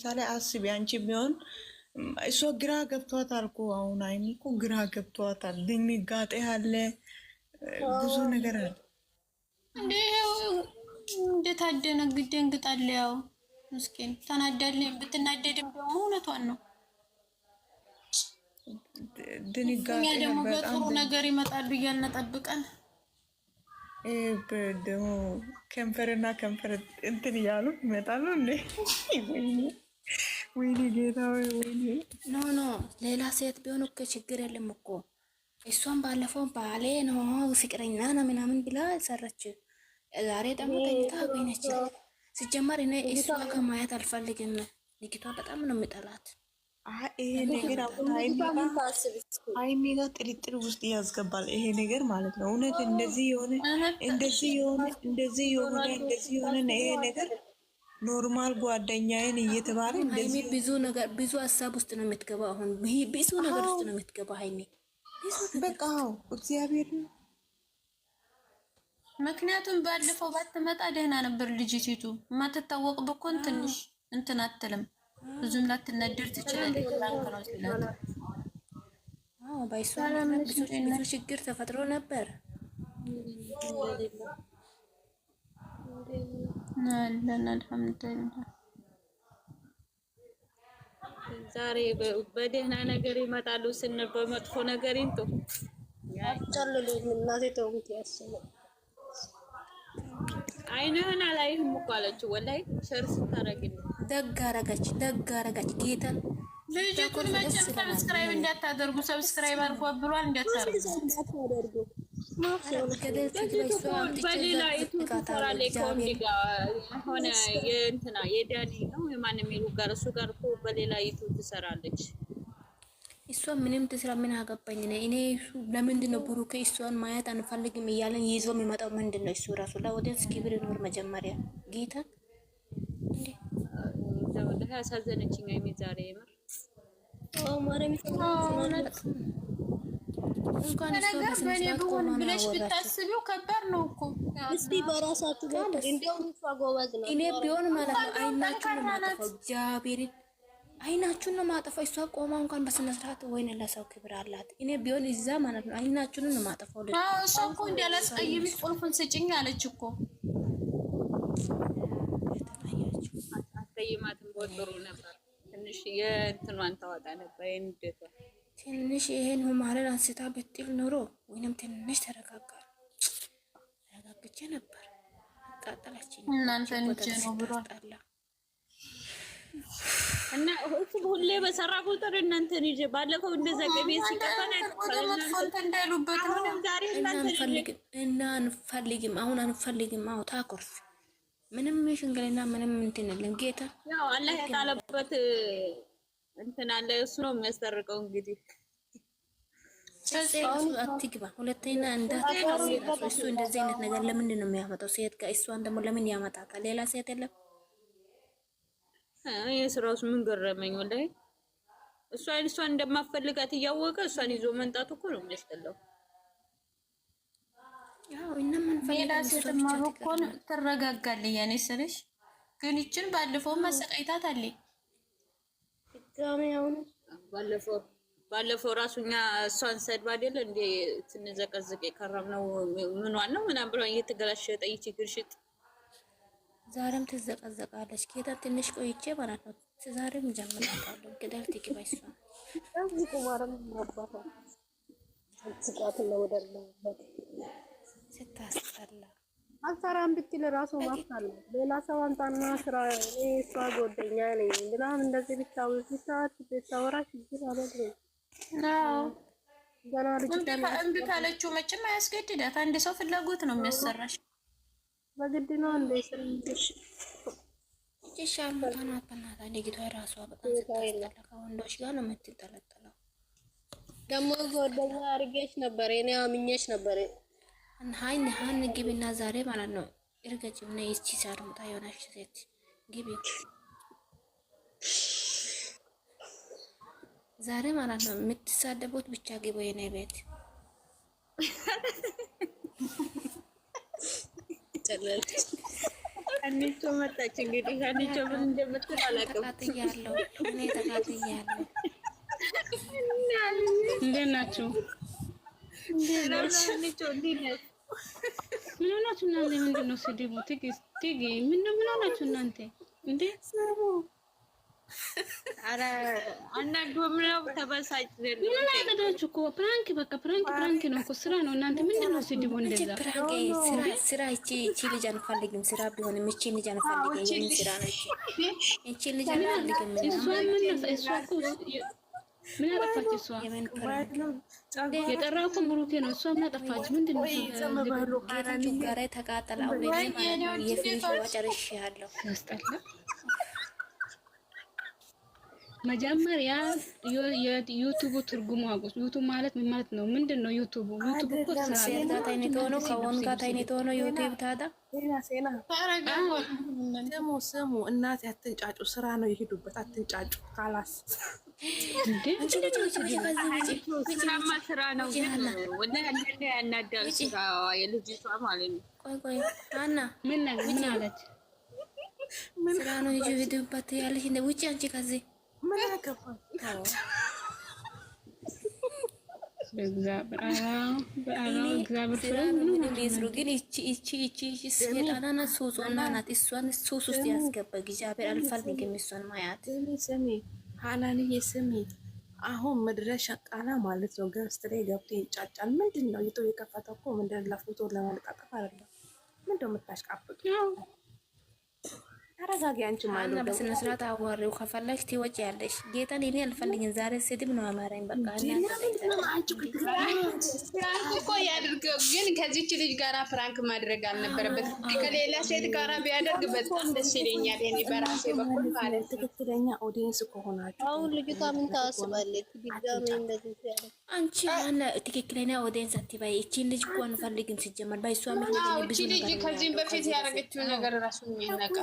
ለምሳሌ አስቢ አንቺ ቢሆን እሷ ግራ ገብቷታል እኮ አሁን አይሚ እኮ ግራ ገብቷታል። ድንጋጤ አለ፣ ብዙ ነገር አለ። እንዴት እንደታደነግጥ ደንግጣለ። ያው ምስኪን ተናዳለ። ብትናደድም ደግሞ እውነቷን ነው። ድንጋጤ ደግሞ በጥሩ ነገር ይመጣሉ እያልን ጠብቀን ደግሞ ከንፈርና ከንፈር እንትን እያሉ ይመጣሉ እንዴ ወይኔ ጌታ ወይኔ። ኖ ኖ ሌላ ሴት ቢሆን እኮ ችግር የለም እኮ እሷን ባለፈው ባሌ ነው ፍቅረኛ ነው ምናምን ብላ ሰረች። ዛሬ ደግሞ ተኝታ አገኘች። ሲጀመር እኔ እሷ ከማየት አልፈልግም። ልጅቷ በጣም ነው የሚጠላት። ይሄ ነገር ሀይሚ ጋር ጥርጥር ውስጥ ያስገባል። ይሄ ነገር ማለት ነው እውነት እንደዚህ የሆነ እንደዚህ የሆነ እንደዚህ የሆነ እንደዚህ የሆነ ይሄ ነገር ኖርማል ጓደኛዬን እየተባለ ሃይሚ ብዙ ነገር ብዙ ሀሳብ ውስጥ ነው የምትገባ። አሁን ብዙ ነገር ውስጥ ነው የምትገባ ሃይሚ በቃ እግዚአብሔር ነው። ምክንያቱም ባለፈው ባትመጣ ደህና ነበር ልጅቲቱ። የማትታወቅ ብኮን ትንሽ እንትን አትልም፣ ብዙም ላትነድር ትችላለች። ችግር ተፈጥሮ ነበር። ዛሬ በደህና ነገር ይመጣሉ ስንል በመጥፎ ነገር ይንጡ አታልሉኝ። እናቴ ተውት ያስበው አይንህን አላይህም እኮ አለችው። ወላሂ ሸር ስታረግልኝ ደግ አረገች፣ ደግ አረገች ጌታን ልጅቱን መቼም ሰብስክራይብ እንዳታደርጉ ሰብስክራይብ አድርጓ ብሏል እንዳታደርጉ በሌላ የቱ ትሰራለች? እሷ ምንም ትስራ ምን አገባኝ ነ እኔ ለምንድን ነው ብሩክ እሷን ማየት አንፈልግም እያለን ይዞ የሚመጣው ምንድን ነው? እሱ ራሱ ለወደስ ክብር ይኖር መጀመሪያ ጌታ ያሳዘነችኛ የሚዛሬ የምር እንኳን ብለሽ ነው እኔ ቢሆን ማለት ነው አይናችሁን ማጠፋው፣ እግዚአብሔርን አይናችሁን ነው ማጠፋው። እሷ ቆማ እንኳን በስነ ስርዓት ወይን ለሰው ክብር አላት። እኔ ቢሆን እዛ ማለት ነው አይናችሁን ነው ማጠፋው። እሷ እኮ እንዳላስቀይምሽ ቁልፉን ስጭኝ አለች እኮ አትቀይማትም። ጥሩ ነበር። ትንሽ የእንትኗን ታወጣ ነበር የንደቷ ትንሽ ይሄን ሁማልን አንስታ ብትል ኖሮ ወይንም ትንሽ ተረጋጋ ተረጋግቼ ነበር። አቃጠላችን እናንተንጀነብሮጣላ እና እሱ ሁሌ በሰራ ቁጥር እናንተን ይዤ ባለፈው እንደዛ ገቤ ሲቀፈን እና አንፈልግም፣ አሁን አንፈልግም። አዎ ታኮርፍ ምንም ሽንግልና ምንም እንትን የለም ጌታ ያው አላህ የጣለበት እንትን አለ እሱ ነው የሚያስጠርቀው። እንግዲህ አትግባ ሁለተኛ እሱ እንደዚህ አይነት ነገር ለምንድን ነው የሚያመጣው? ሴት ጋር እሷን ደግሞ ለምን ያመጣታል? ሌላ ሴት የለም። የስራውስ ምን ገረመኝ ወላሂ። እሷ እሷን እንደማፈልጋት እያወቀ እሷን ይዞ መንጣቱ እኮ ነው የሚያስጠላው። ሌላ ሴትማ እኮ ትረጋጋለች። ያኔ ስልሽ ግን ይችን ባለፈው መሰቃይታት አለኝ ባለፈው ራሱ እኛ እሷን ሰድባ አይደለ እንዴ ስንዘቀዝቅ የከረም ነው። ምኗን ነው ምናምን ብለው እየተገላሸ ጠይቼ ግርሽጥ ዛሬም ትዘቀዘቃለች። ጌታ ትንሽ ቆይቼ ማለት ነው ዛሬም ጀምራለሁ። ገደል ትግባ ይሷ ስታስጠላ አልሰራም ብትል ራሱ ማፍታል ሌላ ሰው አንጣና ስራ እኔ እሷ ጎደኛ ነኝ ምናምን እንደዚህ ብታውዝ ብታወት ብታወራ ችግር አለብኝ። ገና ልጅ እምቢ ካለችው መቼም አያስገድዳት። አንድ ሰው ፍላጎት ነው የሚያሰራሽ። በግድ ነው እንደ ስርሽ ከወንዶች ጋር ነው የምትንጠለጠለው። ደሞ ጎደኛ አድርጌሽ ነበር እኔ አምኜሽ ነበር ሀይ ሀን ግቢና ዛሬ ማለት ነው እርገጭ ሆነ ይቺ ሳርሙጣ የሆነች ሴት ግቢ ዛሬ ማለት ነው የምትሳደቡት ብቻ ግቡ የኔ ቤት አንቺ መጣች እንግዲህ አንቺ ምን እንደምትል አላውቅም። ተቃጥያለሁ እኔ ተቃጥያለሁ። እንዴት ናችሁ? እንዴት ናችሁ? ምን ሆናችሁ እናንተ? ምንድን ነው ስድቡ? ትዕግስት ትግ ምን ምን ሆናችሁ እናንተ እንዴ? አረ አናዱ ምን ነው ተበሳጭ ዘለ ምን አይገዳችሁ እኮ ፕራንክ በቃ ፕራንክ ፕራንክ ነው እኮ ስራ ነው። እናንተ ምንድን ነው ስድቡ? እንደዛ ስራ ስራ እቺ እቺ ልጅ አንፈልግም። ስራ ቢሆንም እቺ ልጅ አንፈልግም። ስራ ነው እቺ ልጅ አንፈልግም። እሷ ምን ነው እሷ እኮ ምን አጠፋች እሷ? የጠራኩ እኮ ብሩኬ ነው። እሷ ምን አጠፋች? ምንድን ነው መጀመሪያ የዩቱቡ ትርጉሙ አጎስ ዩቱብ ማለት ምን ማለት ነው? ምንድን ነው ዩቱቡ? ዩቱብ እኮ ስሙ። እናቴ አትንጫጩ፣ ስራ ነው የሄዱበት። አትንጫጩ ካላስ ስራ ነው ያናዳል። ስራ የልጅቷ ማለት ነው። ቆይ ቆይ አና ምን ምን አለች? ስራ ነው ሂጂ ሂድባት ያለሽ ውጭ አንቺ ከዚህ ምን እቺ ሀናንዬ ስሚ፣ አሁን ምድረ ሸቃላ ማለት ነው ገስት ላይ ገብቶ ይጫጫል። ምንድን ነው ይቶ የከፈተው እኮ ምንድን ለፎቶ ለመለቃቀፍ አይደለም። ምንድን ነው የምታሽቃብጡ? ተረጋጊ። አንቺ ማለ በስነ ስርዓት አዋሪው ከፈለግሽ ትወጪያለሽ። ጌታን እኔ አልፈልግም። ዛሬ ስድብ ነው አማራኝ። በቃ እኮ ያድርገው፣ ግን ከዚች ልጅ ጋራ ፍራንክ ማድረግ አልነበረበት። ከሌላ ሴት ጋራ ቢያደርግ በጣም ደስ ይለኛል። እኔ በራሴ በኩል ማለት ትክክለኛ ኦዲየንስ ከሆናችሁ አሁን ልጅቷ ምን ታስባለች? አንቺ አሁን ትክክለኛ ኦዲየንስ አትባይ። እቺን ልጅ እኮ አንፈልግም ሲጀመር ባይሷ ብዙ ልጅ ከዚህም በፊት ያደረገችው ነገር ራሱ የሚያነቃ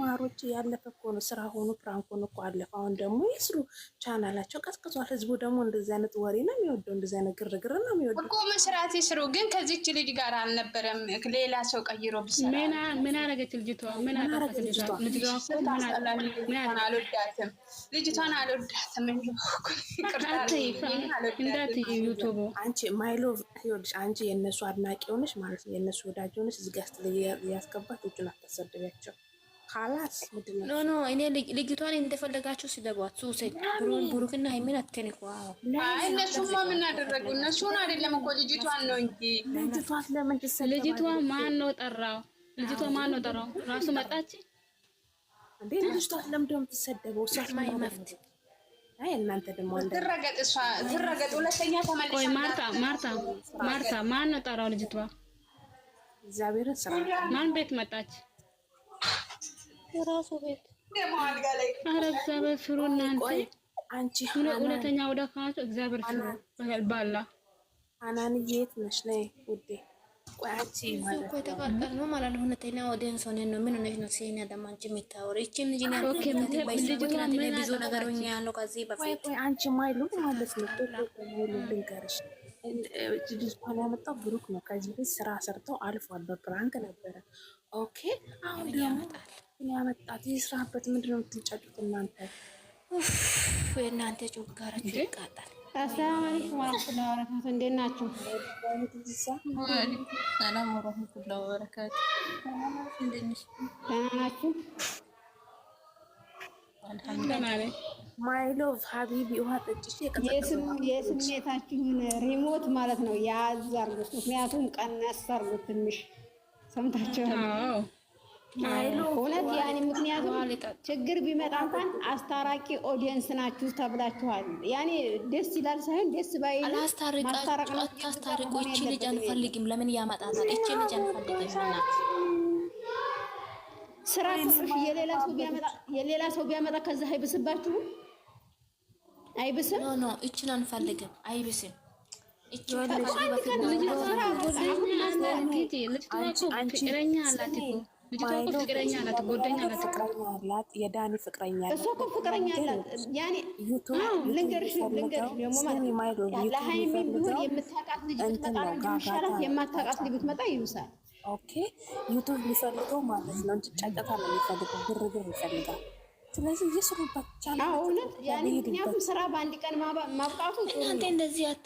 ማሮች ያለፈ እኮ ነው ስራ ሆኖ ፕራንኮን እኮ አለፈ። አሁን ደግሞ የስሩ ቻናላቸው ቀዝቅዟል። ህዝቡ ደግሞ እንደዚህ አይነት ወሬ ነው የሚወደው፣ እንደዚህ አይነት ግርግር ነው የሚወደው እኮ መስራት ይስሩ። ግን ከዚች ልጅ ጋር አልነበረም ሌላ ሰው ቀይሮ ቢሰራ ምን አረገች ልጅቷ? ምን አረገች ልጅቷ? አልወዳትም ልጅቷን አልወዳትም። አንቺ ማይሎቭ ይኸውልሽ፣ አንቺ የእነሱ አድናቂ ሆነሽ ማለት ነው የእነሱ ወዳጅ ሆነሽ እዚህ ጋ ስትለይ ያስገባት ልጁን አታሰድቢያቸው። ካላት ኖ ኖ እኔ ልጅቷን እንደፈለጋቸው ሲደጓት ሱሴት ብሩክና ሀይሚን አትንኳ። እነሱማ ምን አደረጉ? እነሱን አይደለም እኮ ልጅቷን ነው እንጂ ልጅቷ ማን ነው ጠራው? ልጅቷ ማን ነው ጠራው? ራሱ መጣች። ልጅቷ ለምንድን ነው የምትሰደበው? መፍት እናንተ ደግሞ ትረገጥ። ሁለተኛ ማርታ ማርታ ማርታ ማን ነው ጠራው? ልጅቷ ስራ ማን ቤት መጣች? የራሱ ቤት ኧረ እግዚአብሔር ፍሩ እናንተ እውነተኛ ወደ ካቸው እግዚአብሔር ፍሩ ባላ አናን የት ነሽ? ነይ ውዴ ማለት ነው። ምን ነው? ብሩክ ነው። ከዚህ ስራ ሰርተው አልፏል። በፕራንክ ነበረ። ኦኬ አሁን ያመጣል ምን ያመጣት። ይስራበት። ምንድን ነው የምትንጫጩት እናንተ? የእናንተ ጮጋራችሁ ይቃጣል። አሰላሙ አለይኩም ወራህመቱላሂ ወበረካቱ። እንዴት ናችሁ? ሰላም ወራህመቱላሂ ወበረካቱ። ደህና ናችሁ? ሀቢቢ ውሃ ጠጭሽ። የስሜታችሁን ሪሞት ማለት ነው ያዝ አድርጉት። ምክንያቱም ቀነስ አድርጉት ትንሽ ሰምታችኋል። እውነት ያኔ ምክንያቱም ችግር ቢመጣ እንኳን አስታራቂ ኦዲየንስ ናችሁ ተብላችኋል። ያኔ ደስ ይላል ሳይሆን ደስ ባይ አላስታርቃታስታርቆ እቺ ልጅ አንፈልግም። ለምን ያመጣታል? እቺ ልጅ አንፈልግም። ስራ የሌላ ሰው ቢያመጣ ከዛ አይብስባችሁ? አይብስም። ኖ እችን አንፈልግም። አይብስም ልጅ እችን የዳኒ ፍቅረኛ እሷ እኮ ፍቅረኛ አላት። ያኔ ልንገርሽ ለሀይሚ ቢሆን የምታውቃት ልጅ ብትመጣ የማታውቃት ልጅ ብትመጣ ይብሳል። ኦኬ ዩቱብ የሚፈልገው ማለት ነው እንጂ ጨቀታ ነው የሚፈልገው፣ ግርግር ይፈልጋል። ስለዚህ እውነት፣ ምክንያቱም ስራ በአንድ ቀን ማብቃቱ ጥሩ ነው።